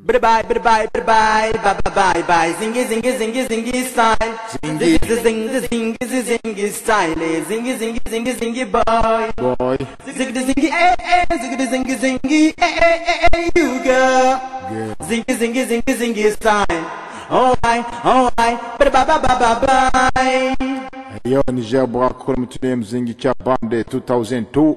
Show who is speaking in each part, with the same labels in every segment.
Speaker 1: Bye bye bye bye bye bye bye bye bye bye zingy zingy zingy zingy style zingy zingy zingy zingy style zingy zingy zingy zingy boy boy zingy zingy eh eh zingy zingy zingy eh eh eh, eh you girl zingy zingy zingy zingy style alright alright bye bye bye bye bye bye
Speaker 2: hiyo ni come to mtunye zingy cha bande 2002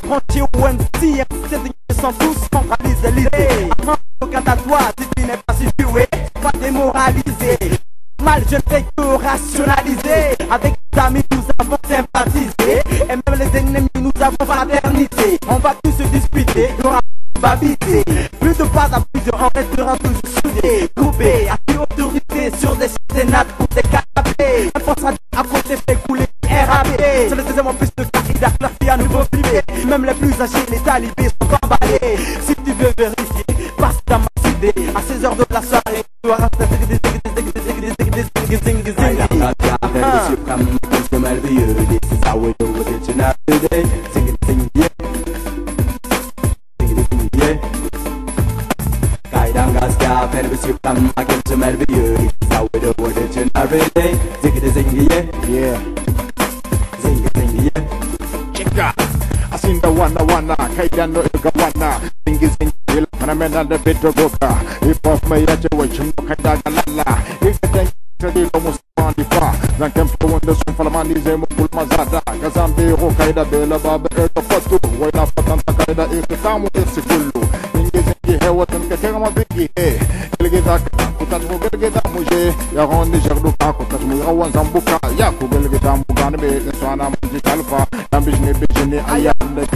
Speaker 1: Branché, branché au c'est une sans tous centralisés. Avant aucun à toi si tu n'es pas situé, pas démoralisé. Mal, je ne fais que rationaliser. Avec les amis, nous avons sympathisé. Et même les ennemis, nous avons fraternité. On va tous se disputer, on va aura Plus de pas à plusieurs, on restera toujours soudés. Groupés, à plus autorité sur des sénats pour des canapés. La force à côté fait couler RAP. Sur le deuxième en plus plus âgés, les talibés sont emballés. Si tu veux vérifier, passe ta ma CD à 16h de la soirée. Tu auras
Speaker 2: Yeah. I seen the one, the one, Kaida no Igawana. Singis in Kila, Panamena, the Petrogoka. If of my Yachawachum, Kadagalala. If the tank Kadilo Musmani Fa, Zankempo, when the Sunfalamani Zemo Pulmazada, Kazambi, Hokaida, Bela Baba, Erto Fatu, Waila Fatanta Kaida, Ikitamu, Sikulu. Singis in Kihewa, Tenkatema Biki, Elgizaka. kutat ko gelge da muje ya gon ni jardu ka ko tat mu awan zambuka ya ko gelge da mu gan be so ana mu kalfa dan bijne aya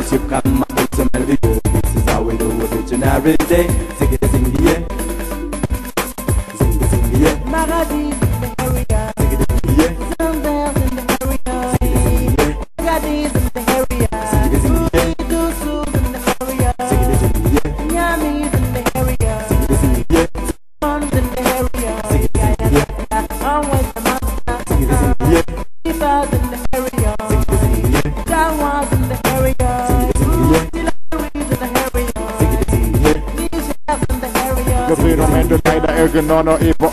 Speaker 3: promise you come up with some melody book. This is how we do it each and every day. Sing it, sing it, yeah.
Speaker 1: Sing it, sing it, yeah. Maradi.
Speaker 2: Egnano Eva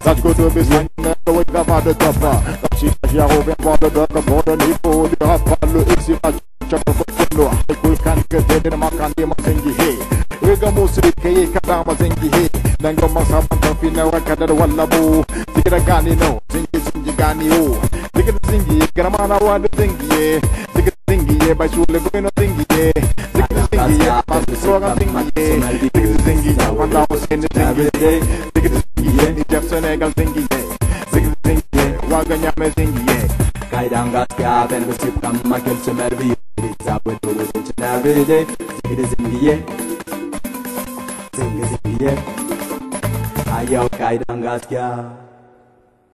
Speaker 2: That's good to be sang the way the mother tapa That's it, Yahovah, Father, the Gordon, Ipo, the Hapalu, Isima, Chapakolo, I could can't get in my candy, my singy hay. Wega musirike ye kadama zingi he Nango masaba tafina wakadar wallabu Zikira oh. gani no, zingi zingi gani o oh. Zikira zingi ye, garamana wadu zingi ye Zikira zingi ye, bashule goino zingi ye Zikira zingi ye, masu soga zingi ye the zingi ye Ziggy the zingi ye Ni Jefferson egal zingi ye Ziggy the zingi ye Waganyame zingi ye
Speaker 3: Kaidan gaskiya ben musip kamma kelsu mervi Biza with the wisdom to every day Ziggy the zingi ye Ziggy zingi ye Ayau kaidan gaskiya